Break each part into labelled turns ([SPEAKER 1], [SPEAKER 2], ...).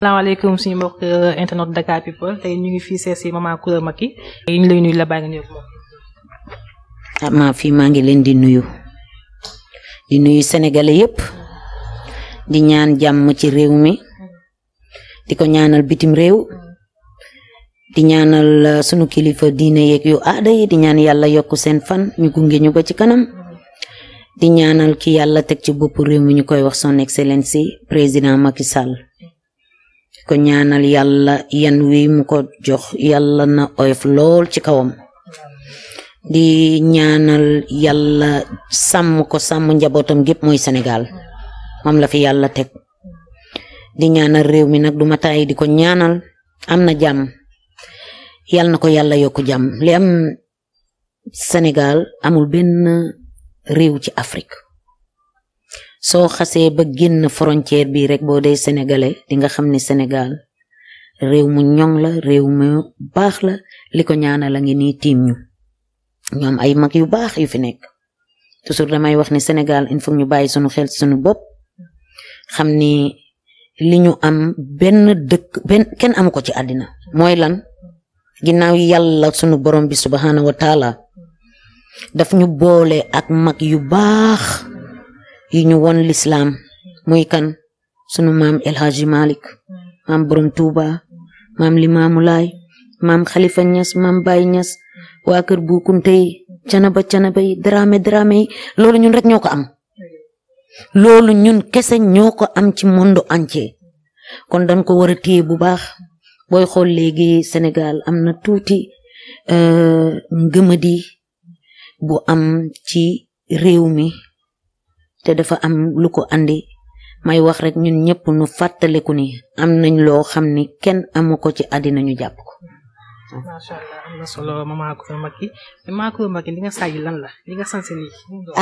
[SPEAKER 1] salaamaaleykum suñu mbokk euh, internet Dakar People tey ñu ngi fii sees ma maman Coura Macky yi ñu la baa ngi
[SPEAKER 2] ah, maa fii maa ngi leen di nuyu di nuyu sénégalais yépp di ñaan jàmm ci réew mi di ko ñaanal bitim réew di ñaanal euh, sunu kilifa diine yeeg yu aada yi di ñaan yàlla yokk seen fan ñu gunge ñu ko ci kanam di ñaanal ki yàlla teg ci bopp réew mi ñu koy wax son excellence président Macky Sall ko ñaanal yàlla yan wi mu ko jox yàlla na oyof lool ci kawam di ñaanal yàlla sàmm ko sàmm njabootam gépp mooy Sénégal moom la fi yàlla teg di ñaanal réew mi nag du ma taay di ko ñaanal am na jàmm yàlla na ko yàlla yokku jàmm li am Sénégal amul benn réew ci Afrique soo xasee ba génn frontière bi rek boo dee sénégalais di nga xam ne senegal réew mu ñoŋ la réew mu baax la li ko ñaana la ngi nii tiim ñu ñoom ay mag yu baax yu fi nekk toujours damay wax ni senegal il faut ñu bàyyi sunu xel sunu bopp xam ni li ñu am benn dëkk benn kenn amu ko ci àddina mooy lan ginnaaw yàlla sunu borom bi subhaana wa taala daf ñu boole ak mag yu baax yi ñu won lislaam muy kan sunu maam El Hadji Malick maam borom Touba maam Limaamu Laay maam Khalifa Niass maam Baye Niass waa kër bu kunte yi canaba canaba yi daraame daraame ñun rek ñoo ko am loolu ñun kese ñoo ko am ci monde entier kon dañ ko war a téye bu baax booy xool léegi senegal am na tuuti euh, ngëmadi bu am ci réew mi te dafa am lu ko andi may wax rek ñun ñëpp nu fàttaliku ni am nañ loo xam ni kenn amu ko ci àddina ñu jàpp ko.
[SPEAKER 1] macha allah am na solo li nga sàjj lan la li nga sanse nii.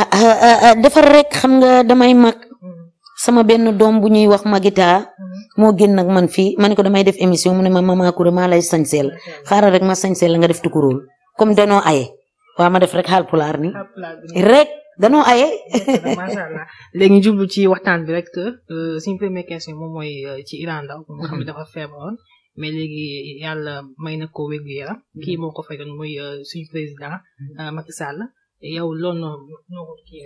[SPEAKER 2] Ah, ah, ah, ah defar rek xam nga damay mag. sama benn doom bu ñuy wax Magita moo génn ak man fii ma ne ko damay def émission mu ne ma Mama Coura maa lay sañseel xaaral rek ma sañseel la nga def tukurool comme danoo aye waa ma def rek xaal pulaar ni rek danoo aye macha
[SPEAKER 1] léegi jublu ci waxtaan bi rek euh, suñu première question mooy euh, ci Iran Ndao moom nga mhm. dafa feebaroon mais léegi yàlla may na ko wérgu yaram mhm. kii moo ko fay doon muy euh, suñu président mhm. Macky Sall yow loolu noonu noo ko kii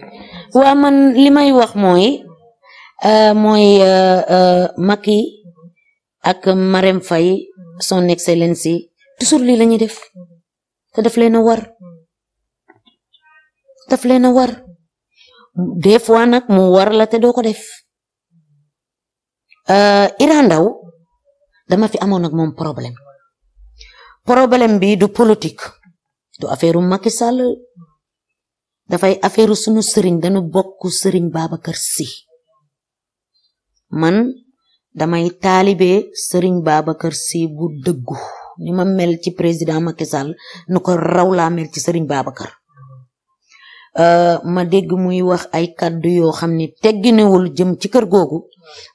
[SPEAKER 2] waaw li may wax mooy mooy Macky ak Marème fay son excellence yi toujours lii la def te daf leen war daf leen a war des fois nag mu war la te doo ko def euh, Iran Ndaw dama fi amoon ak moom problème problème bi du politique du affaire Macky Sall dafay affaire sunu sëriñ dañu bokk sëriñ Babacar Sy man damay taalibe sëriñ Babacar Sy bu dëggu ni ma mel ci président Macky Sall nu ko raw laa mel ci sëriñ Babacar Euh, ma dégg muy wax ay kàddu yoo xam ne tegginewul jëm ci kër googu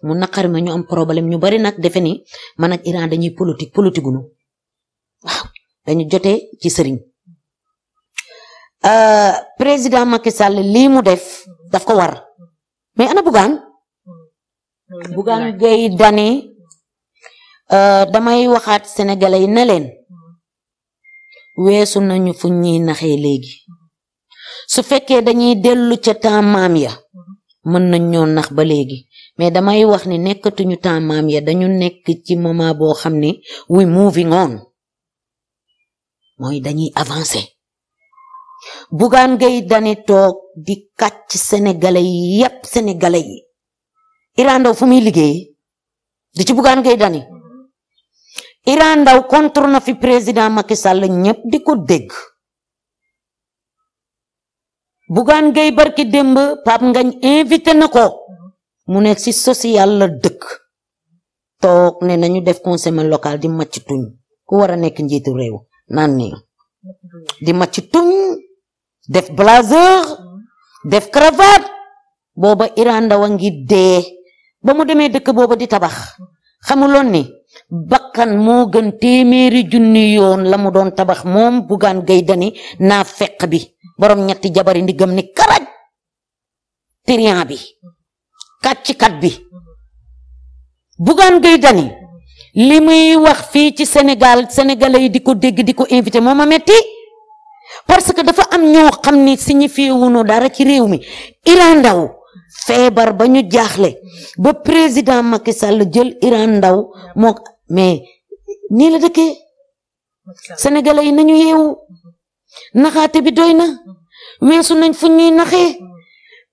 [SPEAKER 2] mu naqari ma ñu am problème ñu bari nag defe ni man ak Iran dañuy politique politique waaw dañu jotee ci sëriñ euh, président Macky Sall lii mu def daf ko war mais ana Bougane Bougane Gueye Dany euh, damay waxaat sénégalais yi ne leen weesu nañu fu ñuy naxee léegi su fekkee dañuy dellu ca temps ya mën nañ ñoo nax ba léegi mais damay wax ni nekkatuñu temps ya dañu nekk ci moment boo xam ne we moving on mooy dañuy avancer Bougane Gueye Dany toog di kàcc sénégalais yi yépp sénégalais yi Iran Ndao fu muy liggéey di ci Bougane gay Dany Iran Ndao contre na fi président Macky Sall ñépp di ko dégg Bougane gay barki démb Pape Ngagne invité na ko mu nekk ci social la dëkk toog ne nañu def conseil locale di màcc tuñ ku war a nekk njiitu réew naan nii di màcc tuñ def blazer def cravate booba Iran Ndaw a ngi dee ba mu demee dëkk booba di tabax xamuloon ni bakkan moo gën téeméeri junni yoon la mu doon tabax moom bugaan gay dani naa fekk bi borom ñetti jabari ndigam ni karaj trian bi kàccikat bi bugaan gay dani li muy wax fii ci Sénégal sénégalais yi di ko dégg di ko invité moo ma metti parce que dafa am ñoo xam ni signifié wuñu dara ci réew mi Iran Ndao feebar ba ñu jaaxle ba président Macky Sall jël Iran Ndaw moo mais nii la dëkkee sénégalais yi nañu yeewu naxaate bi doy na weesu nañ fu ñuy naxee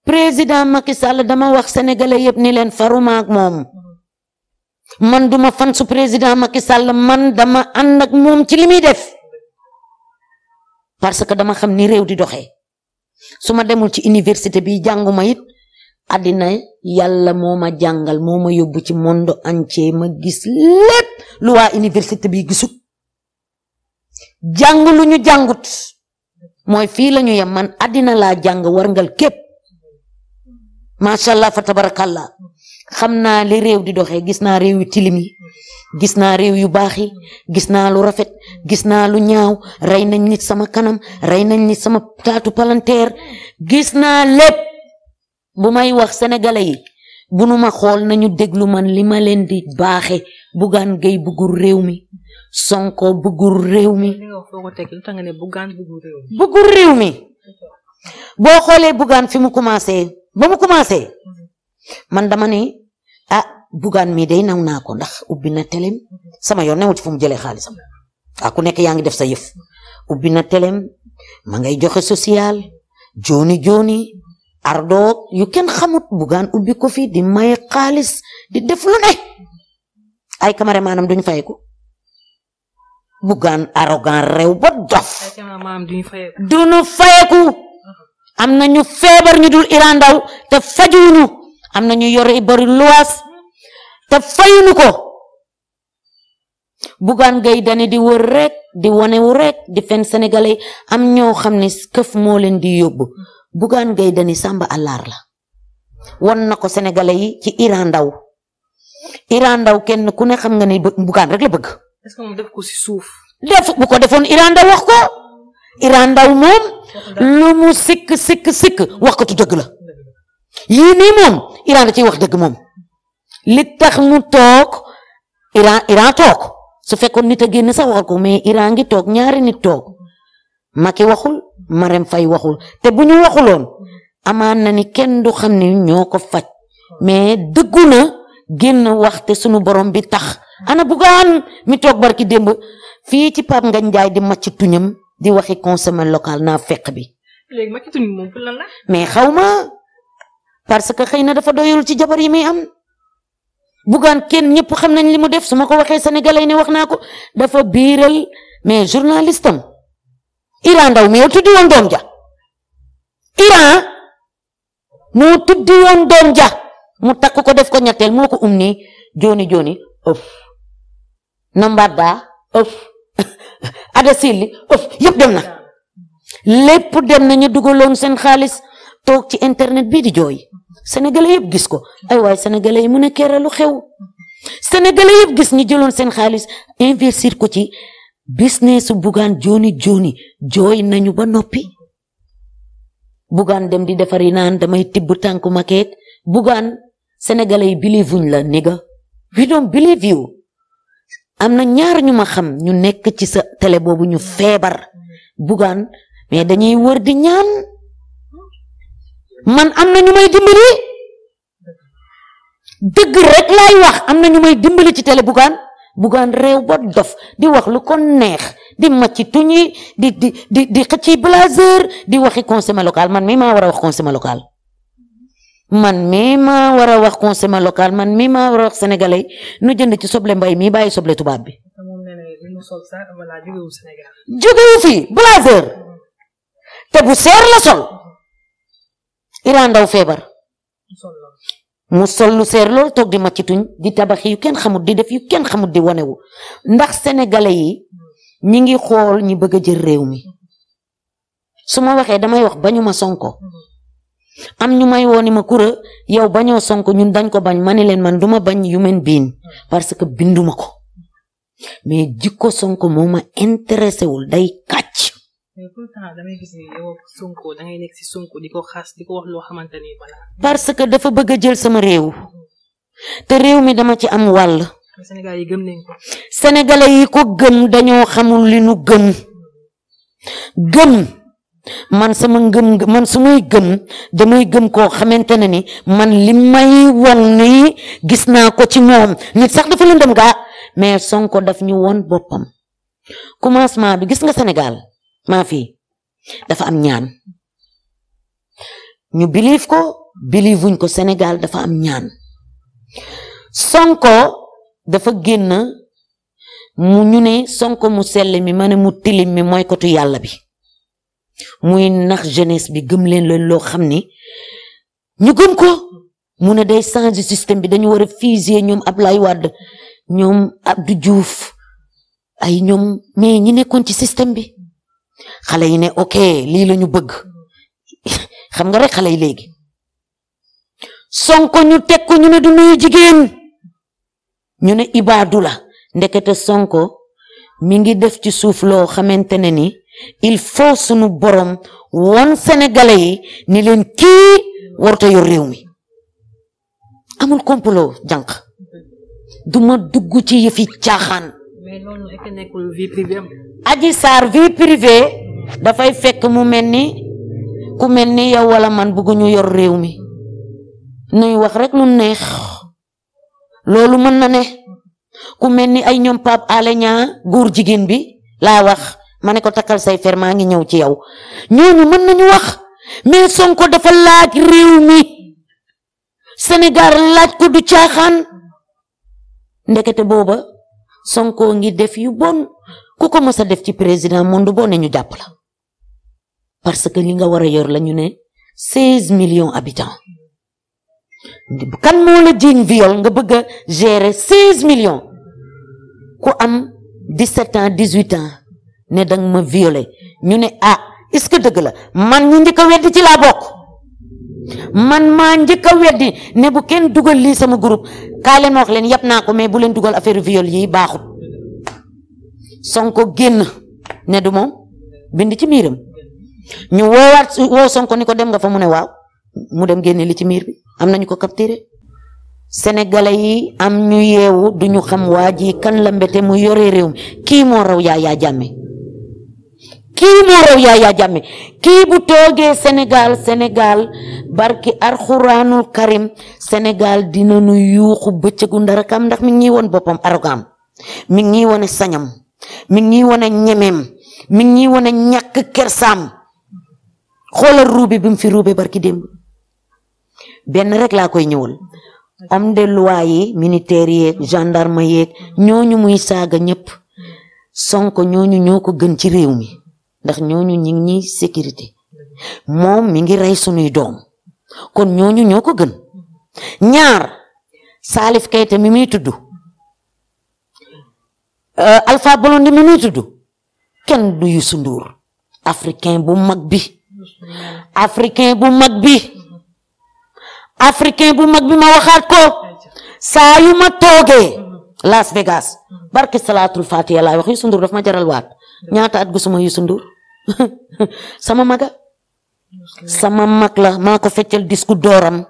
[SPEAKER 2] président Macky dama wax sénégalais yëpp ni leen faruma ak moom man duma fan su président Macky Sall man dama ànd ak moom ci li muy def parce que dama xam ni réew di doxee su ma demul ci université bi jànguma it àddina yàlla moo ma jàngal moo ma yóbbu ci monde entier ma gis lépp lu waa université bi gisut jàng lu ñu jàngut mooy fii la ñu yem man àddina laa jàng warngal képp macha allah fa tabarakallah xam naa li réew di doxee gis naa réew yu tilim gis naa réew yu baax yi gis naa lu rafet gis naa lu ñaaw rey nañ nit sama kanam rey nañ nit sama taatu palanteer gis naa lépp bu may wax sénégalais yi bu nu ma xool nañu déglu man li ma leen di baaxe Bougane Gueye bëggul réew mi Sonko bëggul réew mi bëggul réew mi boo xoolee Bougane fi mu commencé ba mu commencé man dama ne ah Bougane mii day naw naa ko ndax ubbi na telem sama yoon newu ci fu mu jëlee xaalisam ah ku nekk yaa ngi def sa yëf ubbi na telem ma ngay joxe social jooni jooni ardoog yu kenn xamut bugaan ubbi ko fi di maye xaalis di def lu ne ay kamare maanaam duñ fay ko bugaan arrogant réew ba dof duñu fayeku am na ñu feebar ñu dul irandaw te fajuñu am na ñu yore bari luwaas te fayuñu ko Bougane gay Dany di wër rek di wonewu rek di fen sénégalais am ñoo xam ni këf moo leen di yóbbu Bougane Gueye Dany Samba Allaar la won na ko sénégalais ci Iran Ndaw Iran Ndaw kenn ku ne xam nga ni Bougane rek la bëgg.
[SPEAKER 1] est def ko si suuf.
[SPEAKER 2] def bu defoon Iran Ndaw wax ko Iran Ndaw moom lu sikk sikk sikk wax ko tu dëgg la yii nii moom Iran da ciy wax dëgg moom li tax mu toog Iran Iran toog su fekkoon nit a génn sax waxal ko mais Iran ngi toog ñaari nit toog Macky waxul. Marème fay waxul te bu ñu waxuloon amaan na ni kenn du xam ne ñoo ko faj mais dëggu génn wax te sunu borom bi tax ana bugaan mi toog barki démb fii ci Pape Ngagne Ndiaye di màcc tuñam di waxi consommé local naa fekk bi. léegi màcc tuñ mais xaw parce que xëy na dafa doyul ci jabar yi mi am. bugaan kenn ñëpp xam nañ li mu def su ma ko waxee sénégalais ne wax naa ko dafa biiral mais journalistam Iran ndaw mi yow tuddi woon doom ja Iran mu tuddi woon doom ja mu takk ko def ko ñetteel moo ko um nii jooni jooni ëf nambar daa ëf ada silli ëf yëpp dem na lépp dem na ñu dugaloon seen xaalis toog ci internet bii di jooy sénégalais yëpp gis ko ay waay sénégalais yi mu ne keeralu xew sénégalais yëpp gis ñu jëloon seen xaalis investir ko ci business bugaan jooni jooni jooy nañu ba noppi bugaan dem di defari naan damay tibb tànku makeek bugaan sénégalais yi believe wuñ la niga we don't believe you am na ñaar ñu ma xam ñu nekk ci sa télé boobu ñu feebar bugaan mais dañuy wër di ñaan man am na ñu may dimbali dëgg rek laay wax am na ñu may dimbali ci tele bugaan bugaan réew ba dof di wax lu ko neex di macci tuñi di di di di xëcci blazer di waxi consommer local man mii ma war wax consommer local man war a wax consommer local man mii ma war a wax sénégalais nu jënd ci soble mbay mii bàyyi soble tubaab bi jógewu fi blazer te bu seer la sol Iran daw feebar mu sol lu seer loolu toog di màccituñ di tabax yu kenn xamut di def yu kenn xamut di wanewu ndax sénégalais yi ñi ngi xool ñi bëgg a jël réew mi su ma waxee damay wax bañu ma sonko am ñu may wooni ma kura yow bañoo sonko ñun dañ ko bañ ma ne leen man duma ma yu human biin parce que binduma ko mais jikko sonko moo ma intéressé wul day kay
[SPEAKER 1] tout loo xamante ni
[SPEAKER 2] parce que dafa bëgg a jël sama réew. te réew mi dama ci am wàll.
[SPEAKER 1] Sénégal yi gëm nañ
[SPEAKER 2] ko. yi ko gëm dañoo xamul li nu gëm. gëm man sama ngëm man su may gëm damay gëm koo xamante ne ni man li may won nii gis naa ko ci moom nit sax dafa lëndëm gaa mais Sonko daf ñu won boppam. commencement bi gis nga Sénégal. maa dafa am ñaan ñu believe ko believe wuñ ko Sénégal dafa am ñaan Sonko dafa génn mu ñu ne Sonko mu sell mi ma ne mu tilim mi mooy kotu yàlla bi muy nax jeunesse bi gëm leen leen loo xam ni ñu gëm ko mu ne day changer système bi dañu war a fuser ñoom lay Wade ñoom Abdou Diouf ay ñoom mais ñi nekkoon ci système bi xale yi ne ok lii lañu bëgg xam nga rek xale yi léegi sonko ñu teg ko ñu ne du nuyu jigéen ñu ne ibaadu la ndekete sonko mu ngi def ci suuf loo xamante ne ni il faut sunu borom woon sénégalais yi ni leen kii warut a réew mi amul complot jànq duma dugg ci yëfi caaxaan. aji saar vie privée dafay fekk mu mel ni ku mel ni yow wala man bëgguñu yor réew mi nuy wax rek lu neex loolu mën na ne ku mel ni ay ñoom Pape Alé Niang góor jigéen bi laa wax ma ne ko takkal say fer maa ngi ñëw ci yow ñooñu mën nañu wax mais Sonko dafa laaj réew mi Sénégal laaj ko du caaxaan ndekete booba Sonko ngi def yu bon ku ko mos def ci président monde boo ne ñu jàpp parce que li nga war a yor la ñu ne seize millions habitants kan moo la jiiñ viol nga bëgg a gérer seize millions ku am dix-sept ans dix-huit ans ne danga ma violé ñu ne ah est-ce que dëgg la man ñu njëkk a weddi ci la bokk man maa njëkk a weddi ne bu kenn dugal li sama groupe kaa leen wax leen yab mais bu leen dugal affaire viol yi baaxut Sonko génn ne du moom bind ci miiram ñu woowaat woo Sonko ni ko dem nga fa mu ne waaw mu dem génne li ci miir bi am nañu ko capturé sénégalais yi am ñu yeewu du ñu xam waa ji kan la mbete mu yore réew mi kii moo raw yaa yaa jàmme kii moo raw yaa yaa bu toogee Sénégal Sénégal barki arxuraanul karim Sénégal dina nu yuuxu bëccëgu ndarakam ndax mi ngi woon boppam arrogant mi ngi wone sañam mi ngi ñuy wan a ñemeem mi ngi ñuy wan a ñàkk xoolal ruube bi mu fi ruube barki démb benn rek laa koy ñëwal homme de loi yi militaire yeeg gendarme yeeg ñooñu muy saaga ñëpp sonko ñooñu ñoo ko gën ci réew mi ndax ñooñu ñi ngi ñiy sécurité moom mi ngi rey sunuy doom kon ñooñu ñoo ko gën ñaar Salif Keita mi muy tudd Euh, Alpha Blondy mi du Youssou Ndour africain bu mag bi africain bu mag bi africain bu mag bi ma waxaat ko saa yu ma toogee Las Vegas barke salaatul fatiha laay wax Youssou Ndour daf ma jaral waat ñaata at gisuma Youssou Ndour sama maga sama mag la maa ko feccal disque dooram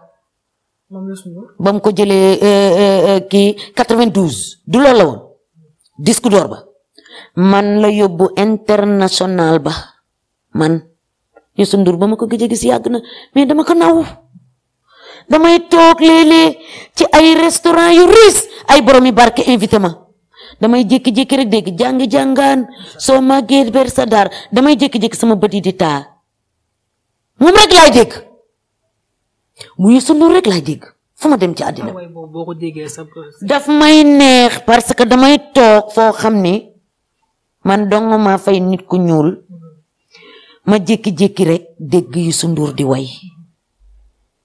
[SPEAKER 2] ba ko jële ki 92 du la woon disque d'or ba man la yóbbu international ba man Youssou Ndour ba ma ko gëj a gis yàgg mais dama ko naw damay toog léeg ci ay restaurant yu riis ay borom yi barke invité damay jékki-jékki rek dégg jàngi jàngaan soo màggee ber sa daar damay jékki-jékki sama bët yi di taa moom rek laay dégg mu Youssou Ndour rek laay dégg fu ma dem ci àddina
[SPEAKER 1] ah
[SPEAKER 2] daf may neex parce que damay toog foo xam ni man dong maa fay nit ku ñuul ma jékki-jékki rek dégg Youssou Ndour di way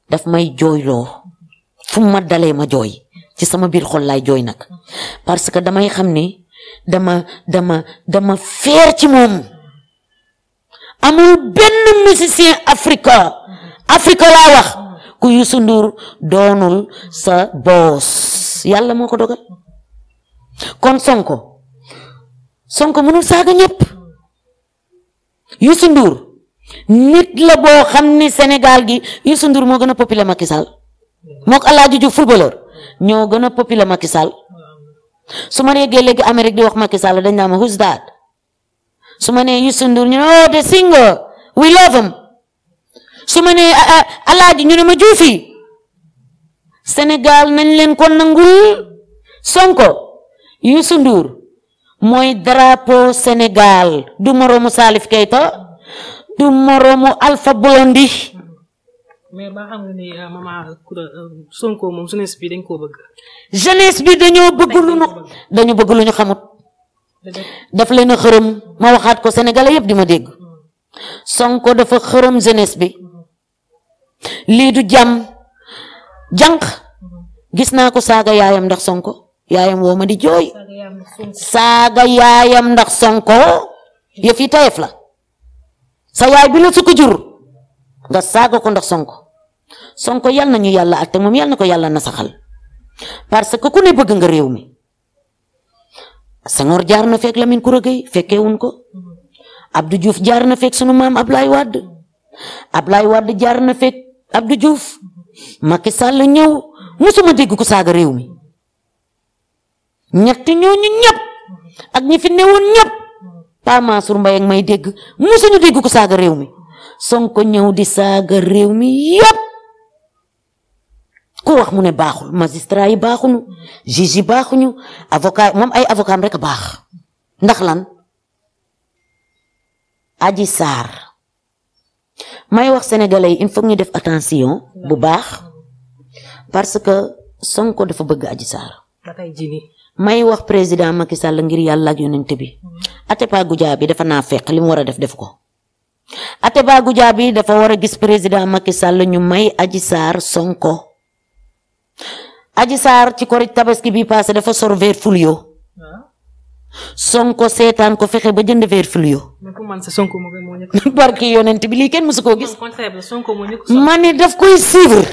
[SPEAKER 2] daf may jooyloo fu ma dalee ma jooy ci sama biir xol jooy nag parce que damay xam ni dama dama dama feer ci moom amul benn musicien africa africa laa wax ku Youssou Ndour doonul sa boos yàlla moo ko dogal kon Sonko Sonko mënul saaga ñëpp Youssou nit la boo xam ni Sénégal gi Youssou Ndour moo gën a populaire Macky Sall moo ko Alaaji ñoo gën a populaire makisal Sall su ma nee léegi Amérique di wax Macky Sall dañ naa ma who's that su ma nee Youssou oh, the singer we love him su ma nee alaaji ñu ne ma juufi Sénégal nañ leen ko nangul Sonko Youssou Ndour mooy drapeau Sénégal du moromu Salif kayta du moromu Alpha Blondy
[SPEAKER 1] mais euh, euh, Sonko moom jeunesse bi dañ koo
[SPEAKER 2] bëgg. bi dañoo bëgg lu ñu dañu bëgg lu ñu xamut. daf leen a xërëm ma waxaat ko sénégalais yëpp di ma dégg. Sonko dafa xërëm jeunesse bi. lii du jàmm jànq gis naa ko saaga yaayam ndax sonko yaayam woo ma di jooy saaga yaayam ndax sonko yëf yi la sa yaay bi la su ko jur nga saaga ko ndax sonko sonko yal na ñu yàlla atte moom yal na ko yàlla nasaxal parce que ku ne bëgg nga réew mi Senghor jaar na fekk Lamine Koura Gueye fekkeewuñ ko Abdou Diouf jaar na fekk sunu maam Ablaye Wade Ablaye Wade jaar na fekk Abdou Diouf Macky Sall ñëw musuma dégg ko saaga réew mi ñett ñooñu ñëpp ak ñi fi newoon ñëpp Pa Mansour Mbaye ak may dégg musuñu dégg ko saaga réew mi Sonko ñëw di saaga réew mi yëpp ku wax mu ne baaxul magistrat yi baaxuñu juge yi baaxuñu avocat moom ay rek a baax ndax lan Adji may wax sénégalais yi il faut ñu def attention bu baax parce que Sonko dafa bëgg Adji Sarr may wax président Macky Sall ngir yàlla ak yonent bi mhm. Atepa Goudia bi dafa naa fekk li mu war a def def ko Atepa Goudia bi dafa war a gis président Macky Sall ñu may Adji Sarr Sonko Adji Sarr ci kori tabaski bi passé dafa sorver fulio sonko seetaan ko fexe ba jënd verre fluo. barki yonent bi lii kenn su koo gis. ma ni daf koy suivre.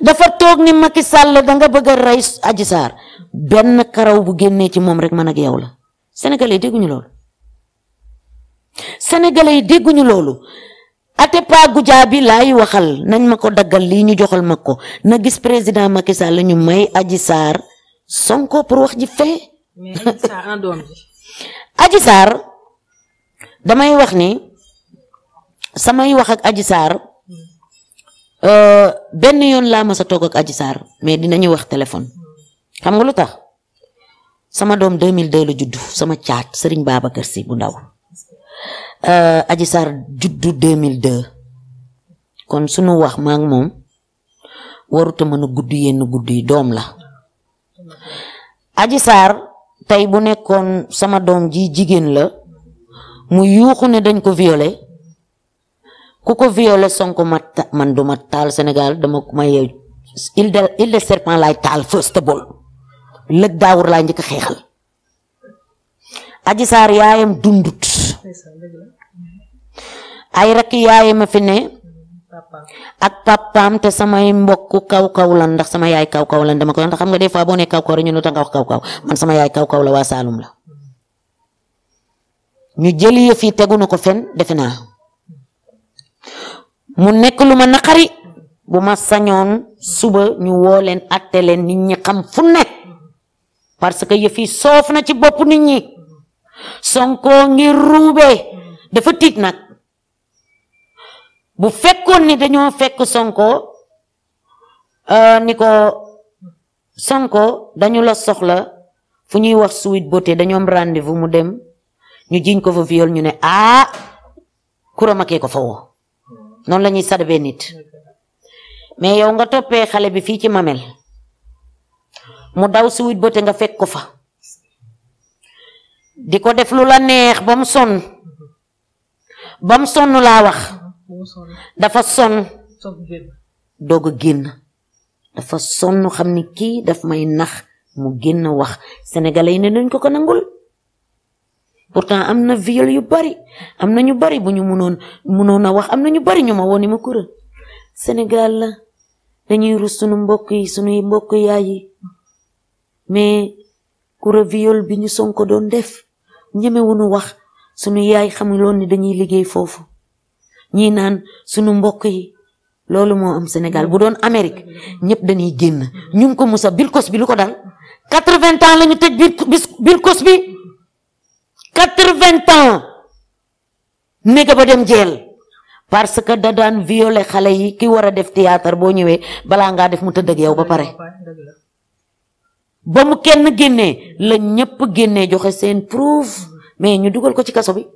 [SPEAKER 2] dafa toog ni Macky Sall da nga bëgg a rey Adji Sarr benn karaw bu génnee ci moom rek man ak yow la sénégalais yi dégguñu loolu. sénégalais yi dégguñu loolu. Atepa Goudiaby laay waxal nañ ma ko daggal lii ñu joxal ma ko na gis président Macky Sall ñu may Adji sonko pour wax ji fee. mais Adji Sarr damay wax ni samay waxak ak Adji Sarr hmm. euh, benn yoon laa mas a toog ak Adji Sarr mais dinañu wax téléphone hmm. xam nga lu tax sama doom 2002 la juddu sama caat Serigne Babacar si bu ndaw euh, Adji Sarr juddu 2002. kon sunu wax maak moom waruta mën a gudd yenn gudd yi doom la hmm. Adji tey bu nekkoon sama doom ji jigéen la mu yuuxu ne dañ ko violé ku ko violé Sonko ma man du ma taal Sénégal dama ma yeew île de île de serpent laay taal first of all lëg daawur laa njëkk a xeexal aji saar yaayam dundut ay rakk yaayam a fi ak papaam te samay mbokk kaw-kaw lan ndax sama yaay kaw-kaw lan dama ko ndax xam nga des fois boo nee kaw-kaw rek ñu ne da nga wax kaw man sama yaay kaw la waa Saalum la ñu jëli yëf yi tegu na ko fen defe naa mu nekk lu ma naqari bu ma sañoon suba ñu woo leen atte leen nit ñi xam fu ne parce que yëf soof na ci bopp nit ñi Sonko ngir ruube dafa tiit nag. bu fekkoon ni dañoo fekk Sonko euh, ni ko Sonko dañu la soxla fu ñuy wax Sweet Beauté dañoom rendez-vous mu dem ñu jiñ ko fa viol ñu ne ah Coura Macky ko fa woo noonu lañuy ñuy sadabee nit mais yow nga toppee xale bi fii ci Mamel mu daw Sweet Beauté nga fekk ko fa di ko def lu la neex ba mu sonn ba mu sonn laa wax dafa sonn dog a génn dafa sonn xam ni kii daf may nax mu génn wax sénégalais yi ne nañ ko ko nangul pourtant am na viol yu bari am na ñu bari bu ñu mënoon mënoon a wax am na ñu bari ñu ma woon ni ma kura Sénégal la dañuy rus sunu mbokk yi sunuy mbokk yaay yi mais kura viol bi ñu Sonko doon def ñemewuñu wax sunu yaay xamuloon ni dañuy liggéey foofu ñii naan sunu mbokk yi loolu moo am Sénégal bu doon Amérique ñëpp dañuy génn ñu ngi ko musa Bill bi lu ko dal quatre vingt ans la ñu tëj Bill Cosby quatre-vingts ans néga ba dem jeel parce que da daan violé xale yi ki war a def théâtre boo ñëwee balaa ngaa def mu tëdd ak yow ba pare ba mu kenn génnee lañ ñëpp génnee joxe seen preuve mais ñu dugal ko ci kaso bi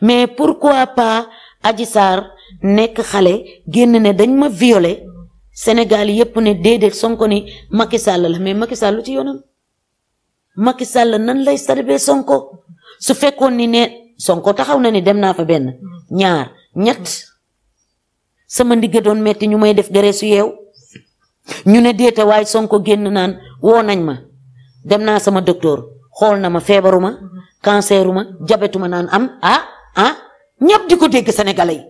[SPEAKER 2] mais pourquoi pas Adji Sarr nekk xale génn ne dañ ma viole Sénégal yépp ne déedéet Sonko ni Macky Sall la mais Macky Sall lu ci yoonam Macky Sall nan lay saribee Sonko su fekkoon ni ne Sonko taxaw na ni dem naa fa benn ñaar ñett sama ndigga doon metti ñu may def gere su yeew ñu ne déeta waay Sonko génn naan woo nañ ma dem naa sama docteur xool na ma feebaru ma feebaruma canceruma jabetuma naan am ah ah ñëpp di ko dégg sénégalais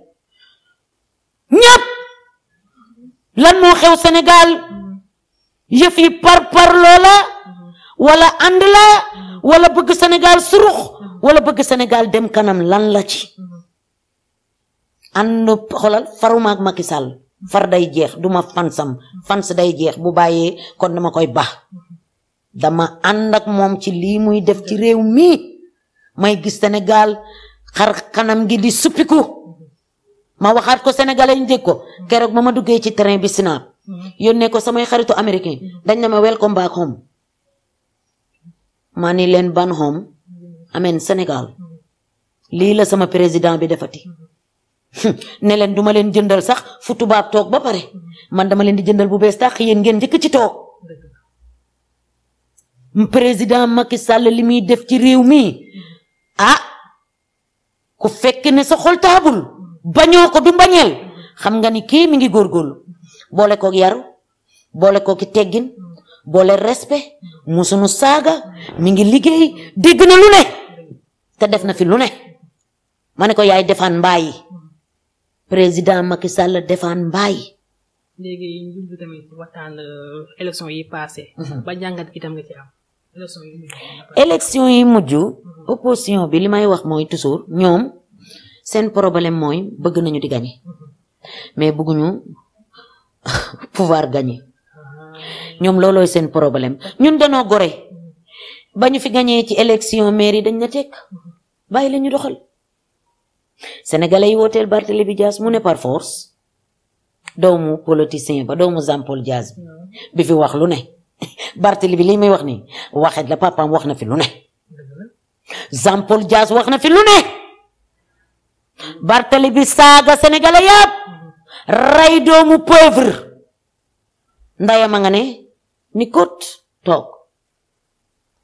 [SPEAKER 2] yi ñëpp lan moo xew sénégal yëf par par loola wala ànd la wala bëgg sénégal surux wala bëgg senegal dem kanam lan la ci ànd xoolal faruma ak Macky far day jeex duma fansam fans day jeex bu bàyyee kon dama koy baax dama ànd ak moom ci lii muy def ci réew mi may gis senegal xar kanam gi di suppiku ma waxaat ko sénégalais ñu ko keroog ma ma duggee ci terrain bi Sinaab yónnee ko samay xaritu américain dañ na ma welcome back home maa ni leen ban home ameen Sénégal lii la sama président bi defati ne leen duma leen jëndal sax fu tubaab toog ba pare man dama leen di jëndal bu bees tax yéen ngeen njëkk ci toog président Macky Sall li muy def ci réew mi ah ku fekk ne sa xol taabul bañoo ko du mbañeel xam nga ni kii mi ngi góorgóorlu boole koog yaru boole ki teggin boole respect musunu saaga mi ngi liggéey dégg na lu ne te def na fi lu ne ma ne ko yaay defaan mbaayi président Macky Sall defaan mbaayi
[SPEAKER 1] léegi ñu tamit waxtaan euh, yi passé. Mhm. ba jàngat
[SPEAKER 2] élection yi mujj opposition bi li may wax mooy toujours ñoom seen problème mooy bëgg nañu di gagné mais bëgguñu pouvoir gagné ñoom loolooy seen problème ñun danoo gore bañu fi gagné ci élection mairie dañ na tekk bàyyi la ñu doxal sénégalais yi wooteel Barthélémy Dias mu ne par force doomu politicien ba doomu Jean Paul hmm. bi fi wax lu ne Barthélemy bi lii muy wax nii waxet la papaam wax na fi lu ne Jean Paul Dias wax na fi lu ne bi saaga sénégalais yëpp rey doomu pauvre ndayam a nga ne ni kot toog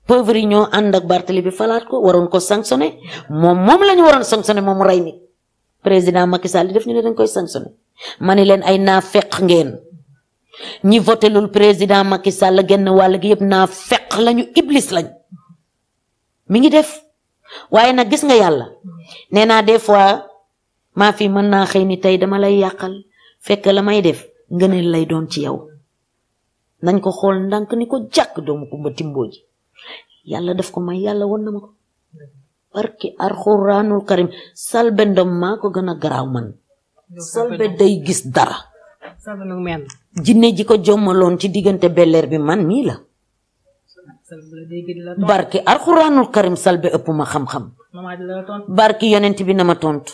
[SPEAKER 2] pauvre yi ñoo ànd ak Barthélemy bi falaat ko waroon ko sanctionné moom moom lañu ñu waroon sanctionné moom rey mi président Macky Sall def ñu ne dañ koy sanctionné ma ne leen ay naafeq ngeen ñi votelul président maki Sall genn wàll gi yëpp naa feq lañu iblis lañ mi ngi def waaye nag gis nga yàlla nee naa des fois maa fi mën naa xëy ni tey dama lay yàqal fekk la may def ngëneel lay doon ci yow nañ ko xool ndank ni ko jàkk doomu ko ba yàlla def ko may yàlla won na ma ko barki arxuraanul karim salbe ndom maa ko gën a garaaw man salbe day gis dara jinne ji ko jommaloon ci diggante belleer bi man mii la barki alxuraanul karim salbe ëpp ma xam-xam barki yonent bi na ma tontu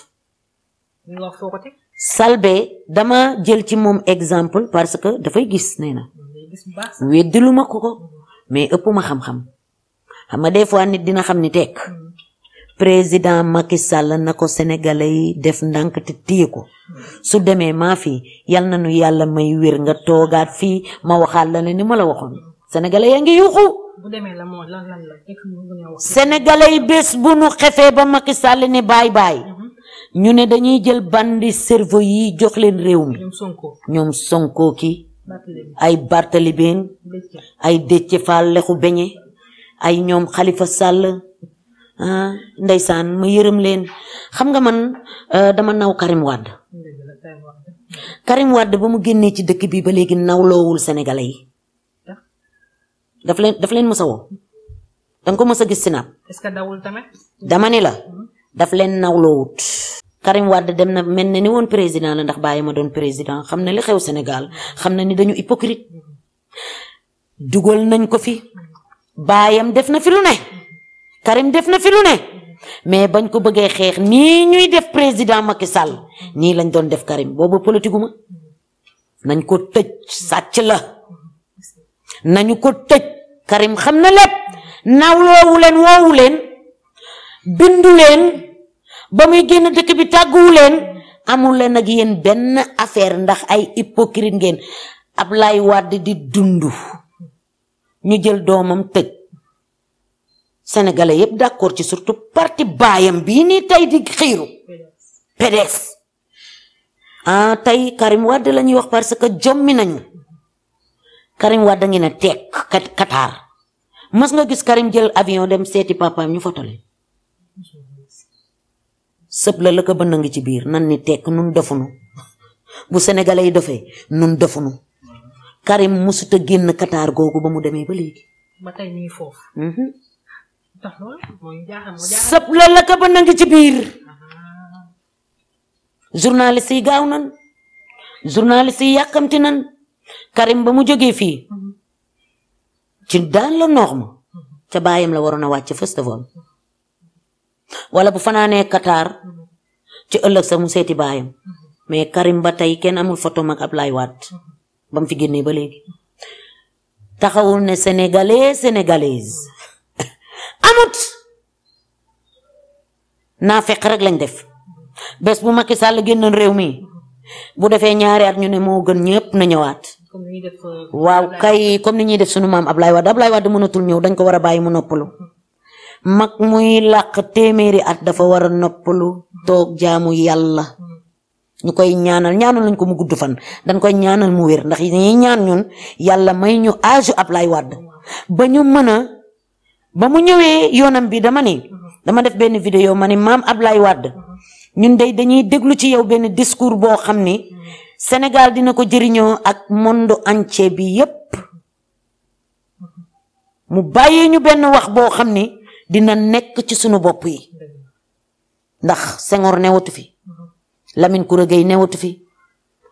[SPEAKER 2] salbe dama jël ci moom exemple parce que dafay gis nee na weddilu ma ko ko mais ëpp ma xam-xam xam nga des fois nit dina xam ni tekk mm-hmm. président Macky Sall na ko sénégalais yi def ndànk te ko su demee maa fi yal na nu yàlla may wér nga toogaat fii ma waxaat la ne ni ma la waxoon sénégalais yaa ngi yuuxu. bu bés bu nu xefee ba Macky sàll ne baay baay. Mhm. ñu ne dañuy jël bandi cerveau yi jox leen réew mi. ñoom Sonko ñoom Sonko ki ay Barthélémy ay Déthié Fall lexu beñe ay ñoom xalifa sàll ah ndeysaan ma yërëm leen xam nga man ah, dama naw Karim Wade. Karim Wade ba mu génnee ci dëkk bi ba léegi nawloowul Sénégalais yi. daf leen daf leen mës a woo. danga ko mës a gis Sinaab.
[SPEAKER 1] est que dawul tamit.
[SPEAKER 2] dama ni la. daf leen nawloowut. Karim Wade dem na mel ne ni woon président la ndax bàyyi ma doon président xam na li xew senegal xam na ni dañu hypocrite dugal nañ ko fi baayam def na fi lu ne. Karim def na fi lu ne mais bañ ko bëggee xeex nii ñuy def président Macky Sall nii lañ doon def Karim boobu politique nañ ko tëj sàcc la nañu ko tëj Karim xam na lépp nawloowu leen woowu leen bindu leen ba muy génn dëkk bi tàgguwu leen amul leen ak yéen benn affaire ndax ay hypocrite ngeen Ablaye Wade di dund ñu jël doomam tëj sénégalais yépp d'accord ci surtout parti baayam bii nii tey di xiiru PDS ah tey Karim wadd lañuy wax parce que jommi nañu Karim Wade ngi ne tekk Qatar mës nga gis Karim jël avion dem seeti papaam ñu fotole sëb la la ko bënn ngi ci biir nan ni tekk nun defunu bu sénégalais yi dofee nun defunu Karim musuta génn Qatar googu ba mu demee ba léegi tax sëb la laka ba nangi ci biir ah. yi gaaw nan journaliste yi yàkkamti nan Karim ba mu jógee fii mm-hmm. ci daan la norme ca bàyyam la waroon a wàcc first of all mm-hmm. wala bu fanaanee katar mm-hmm. ci ëllëg sa mu seeti baayam mais Karim ba tey kenn amul photo mag Ablaye Wade ba mu ba léegi taxawul ne sénégalais sénégalaise amut naa fekk rek lañ def bés bu Macky sàll génnoon réew mi bu defee ñaari at ñu ne moo gën ñëpp na ñëwaat.
[SPEAKER 1] Euh,
[SPEAKER 2] waaw kay comme ni ñuy def sunu maam Ablaye Wade Ablaye Wade mënatul ñëw dañ ko war a bàyyi mu noppalu. mag muy làq téeméeri at dafa war a noppalu toog jaamu yàlla. ñu koy ñaanal ñaanal lañ ko mu gudd fan dañ koy ñaanal mu wér ndax dañuy ñaan ñun yàlla may ñu aju Ablaye Wade ba ñu mën ba mu ñëwee yoonam bi dama ni dama def benn vidéo ma ni maam ab Ablaye wàdd ñun dey dañuy déglu ci yow benn discours boo xam ni Sénégal dina ko jëriñoo ak monde entier bi yépp mu bàyyee ñu benn wax boo xam ni dina nekk ci sunu bopp yi ndax Senghor newatu fi Lamine Koura Gueye newatu fi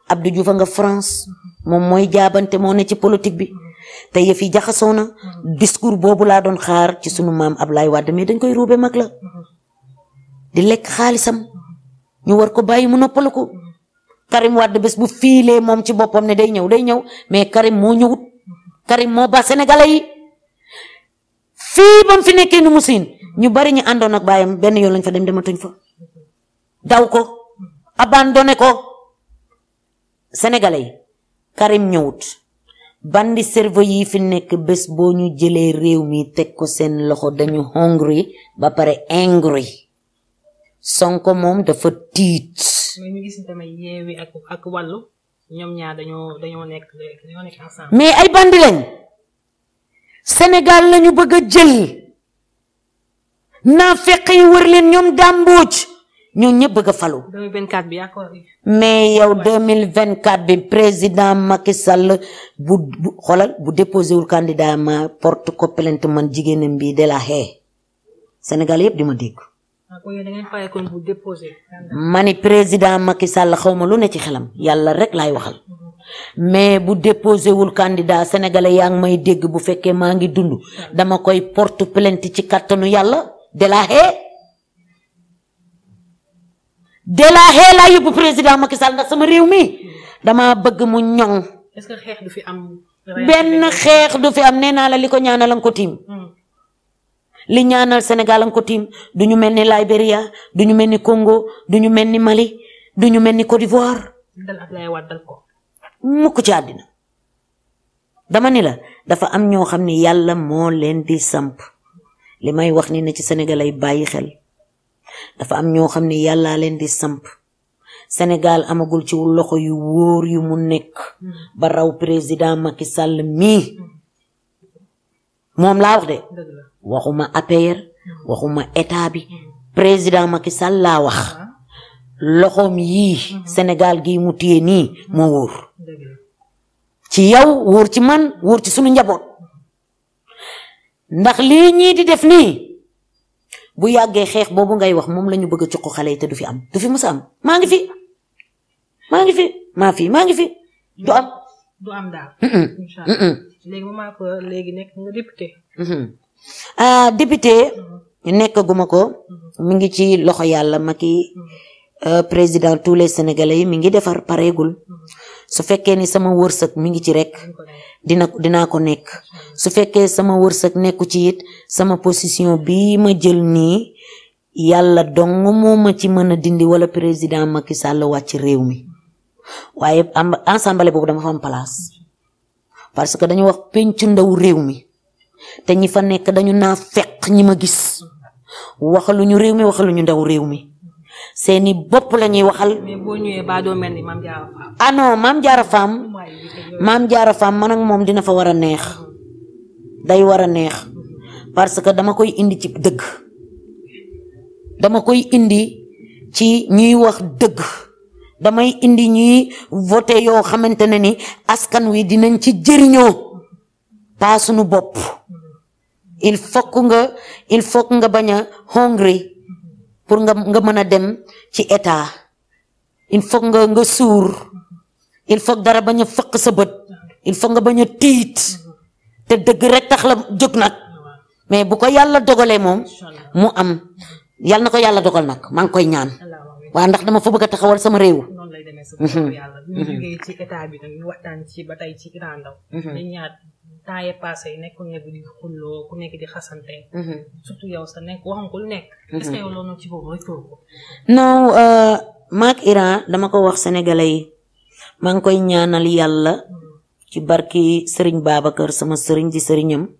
[SPEAKER 2] ab Diouf a nga France moom mooy jaabante moo ne ci politique bi te yëf yi jaxasoo na discours boobu laa doon xaar ci sunu maam Ablaye Wade mais dañ koy ruube mag la di lekk xaalisam ñu war ko bàyyi mu noppalu ko Karim Wade bés bu fiilee moom ci boppam ne day ñëw day ñëw mais Karim moo ñëwut Karim moo ba Sénégalais fii ba fi nekkee nu mu ñu bari ñu àndoon ak bàyyam benn yoon lañ fa dem dematuñ fa daw ko abandonné ko Sénégalais yi Karim ñëwut bandi serve yi fi nekk bés boo ñu jëlee réew mi teg ko seen loxo dañu hungry ba pare angry sonko moom dafa tiit.
[SPEAKER 1] mais ñu gis wàllu ñoom ñaar dañoo
[SPEAKER 2] ay bandi lañ Sénégal lañu bëgg a jël naa fekk yi wër leen ñoom dàmbooj ñoo ñëpp bëgg a falu. 2024 mais yow 2024 bi président Macky Sall bu bu xoolal bu déposé wul candidat ma porte ko plainte man jigéenam bi de la xee Sénégal yëpp di ma dégg.
[SPEAKER 1] Ah, ma
[SPEAKER 2] ni président Macky Sall xaw ma lu ne ci xelam yàlla rek laay waxal. mais bu déposé wul candidat sénégalais yaa ngi may dégg bu fekkee maa ngi dund dama koy porte plainte ci kattanu yàlla de dee laa xee laa yóbbu président Macky Sall ndax sama réew mi dama bëgg mu ñoŋ.
[SPEAKER 1] est que xeex du fi am. benn
[SPEAKER 2] xeex du fi am nee naa la li ko ñaanal nga ko tiim. Hmm. li ñaanal Sénégal nga ko tiim du ñu mel ni Libéria du ñu mel ni kongo du ñu mel ni Mali du ñu mel ni Côte d'Ivoire. mukk ci àddina. dama ni la dafa am ñoo xam ne yàlla moo leen di samp li may wax ni na ci senegal ay bàyyi xel. dafa am ñoo xam ne yàllaa leen di samp Sénégal amagul ci loxo yu wóor yu mu nekk ba raw président Macky Sall mii moom laa wax de waxuma APR waxuma état bi président Macky Sall laa wax loxoom yii Sénégal gii mu téye nii moo wóor ci yow wóor ci man wóor ci sunu njaboot ndax lii ñii def nii bu yàggee xeex boobu ngay wax moom la ñu bëgg a cuq xale yi te du fi am du fi mës maa ngi fi maa ngi fi maa fi maa ngi fi du am. du am daal. incha allah nekk nga mm-hmm. ah, mm-hmm. nekkaguma ko. Mm-hmm. mi ngi ci loxo yàlla ma kii. Euh, président tous les sénégalais yi mi ngi defar pareegul su fekkee ni sama wërsëg mi ngi ci rek dina dinaa ko nekk su fekkee sama wërsëg nekku ci it sama position bii ma jël nii yàlla dong moo ma ci mën a dindi wala président Macky Sall wàcc réew mi waaye am ensemble boobu dama fa am parce que dañu wax pencu ndaw réew mi te ñi fa nekk dañu naa fekk ñi ma gis waxaluñu réew mi ñu ndaw réew mi. seeni bopp lañuy ñuy waxal.
[SPEAKER 1] mais mel ni maam Diarra Fam.
[SPEAKER 2] ah non maam Diarra Fam maam moom dina fa war a neex day war a neex parce que dama koy indi ci dëgg dama koy indi ci ñuy wax dëgg damay indi ñuy voté yoo xamante ne ni askan wi dinañ ci jëriñoo paa sunu bopp il faut nga il faut nga bañ a hungry pour nga nga mën a dem ci état il faut nga nga suur il faut dara bañ a fëq sa bët il faut nga bañ a tiit te dëgg rek tax la jóg nag mais bu ko yàlla dogalee moom mu am yàlla na ko yàlla dogal nag maa ngi koy ñaan waa ndax dama fa bëgg a taxawal sama réew. noonu lay demee mhm. mhm.
[SPEAKER 1] bi nag ñu waxtaan ci temps yi nekkoon nga bi di xulloo ku mhm.
[SPEAKER 2] mhm. euh, maak Iran dama ko wax sénégalais yi maa ngi koy ñaanal yàlla. ci barki sëriñ Babacar sama sëriñ di sëriñam mhm.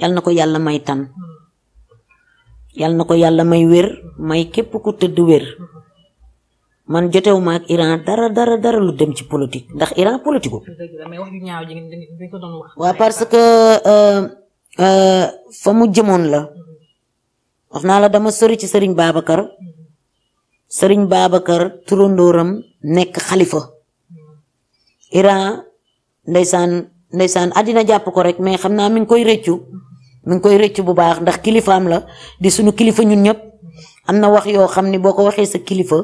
[SPEAKER 2] yal ko yàlla may tan yal na ko yàlla may wér may képp ku tëdd wér man jotewuma ak Iran dara dara dara lu dem ci politique ndax Iran politique waa parce que euh, euh, fa jëmoon la wax naa la dama sori ci sëriñ Babacar Serigne Babacar turandooram nekk xalifa Iran ndeysaan ndeysaan àddina jàpp ko rek mais xam naa mi ngi koy rëccu mi ngi koy rëccu bu baax ndax kilifaam la di suñu kilifa ñun ñëpp am na wax yoo xam ni boo ko waxee sa kilifa.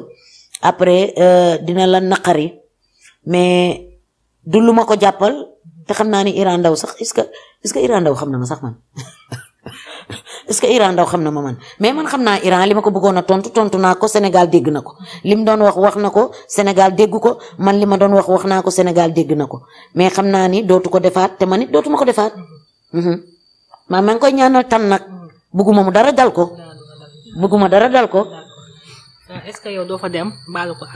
[SPEAKER 2] après euh, dina la naqari mais du lu ma ko jàppal te xam naa ni Iran Ndao sax est-ce que que Iran Ndao xam na ma sax man est que Iran Ndao xam na ma man mais man xam naa Iran li ma ko bëggoon a tontu tontu naa ko Sénégal dégg na ko li mu doon wax wax na ko Sénégal dégg ko man li ma doon wax wax naa ko Sénégal dégg na ko mais xam naa ni dootu ko defaat te man it dootu ma ko defaat. maa mhm. maa koy ñaanal tan nag bëgguma mu dara dal ko bëgguma dara dal ko.
[SPEAKER 1] Euh, est-ce que yow ko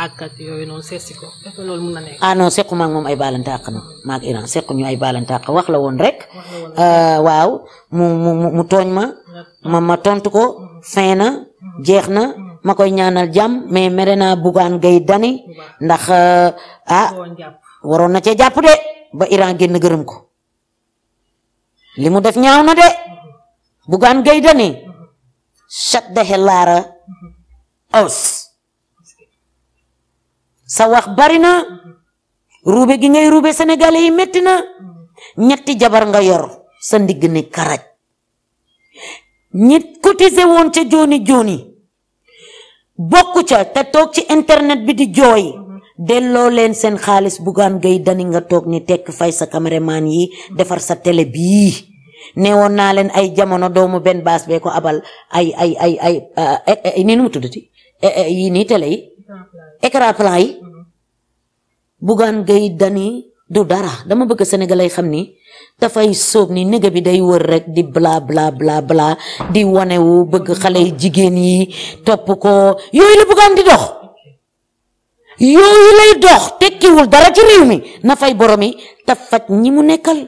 [SPEAKER 1] àq ak yooyu noonu seesi ko est-ce que loolu mun na nekk.
[SPEAKER 2] ah non sequ maag moom ay baalante na maag Iran sequ ñu ay baalante wax la woon rek. Euh, waaw mu tooñ ma. ma ma ko. Mhm. fin na mhm. jeex na. Mhm. ma koy ñaanal jàmm mais mere naa Bougane Gueye Dany ndax euh, ah waroon na cee jàpp de ba Iran génn gërëm ko li mu def ñaaw na de Bougane Gueye Dany shut the aws sa wax bari na ruube gi ngay ruube sénégalais yi métti na ñetti jabar nga yor sa ndigg ni karaj ñi cotisé ca jooni jooni bokk ca te toog ci internet bi di jooy delloo leen seen xaalis bugaan gay dani nga toog ni tekk fay sa caméraman yi defar sa tele bii neewoon naa leen ay jamono doomu benn baas bee ko abal ay ay ay ay euh, eh, eh, ni nu mu tuddati Eh, eh, yii nii télé yi écran plan yi Bougane Gueye Dany du dara dama bëgg sénégalais xam ni dafay sóob ni néga bi day wër rek di bla bla bla bla di wanewu bëgg xale yi jigéen yi topp ko yooyu la Bougane di dox yooyu lay dox tekkiwul dara ci réew mi na borom yi te ñi mu nekkal